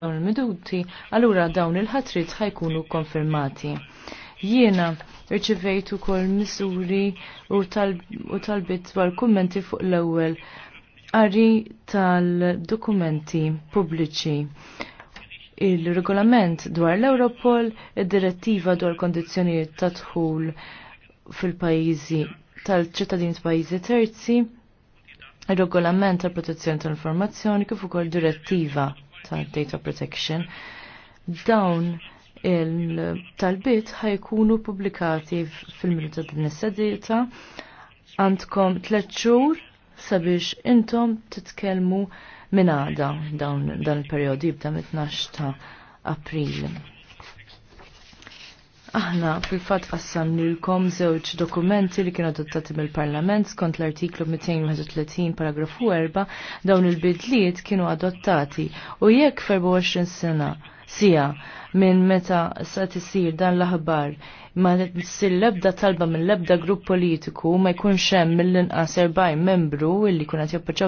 dawn il-meduti, allura dawn il-ħatrit ħajkunu konfirmati. Jiena rċivejtu kol misuri u talbit dwar kummenti fuq l-ewwel qari tal-dokumenti pubbliċi il-regolament dwar l-Europol, id-direttiva dwar kondizjonijiet ta' dħul fil-pajjiżi tal-ċittadini pajjiżi terzi, il-regolament tal-protezzjoni tal-informazzjoni kif ukoll direttiva ta' data protection. Dawn il-talbit ħajkunu publikati fil-minuta din is-sedita għandkom tliet xhur sabiex intom titkellmu minn għada dawn dan il-perjodi jibda mit-12 ta' April. Aħna fil-fat nilkom żewġ dokumenti li kienu adottati mill-Parlament skont l-artiklu 231 paragrafu 4 dawn il-bidliet kienu adottati u jekk 24 sena sija minn meta sa tisir dan l-aħbar ma tsir lebda talba minn lebda grupp politiku ma jkunx hemm mill-inqas 40 membru illi kuna jappoġġaw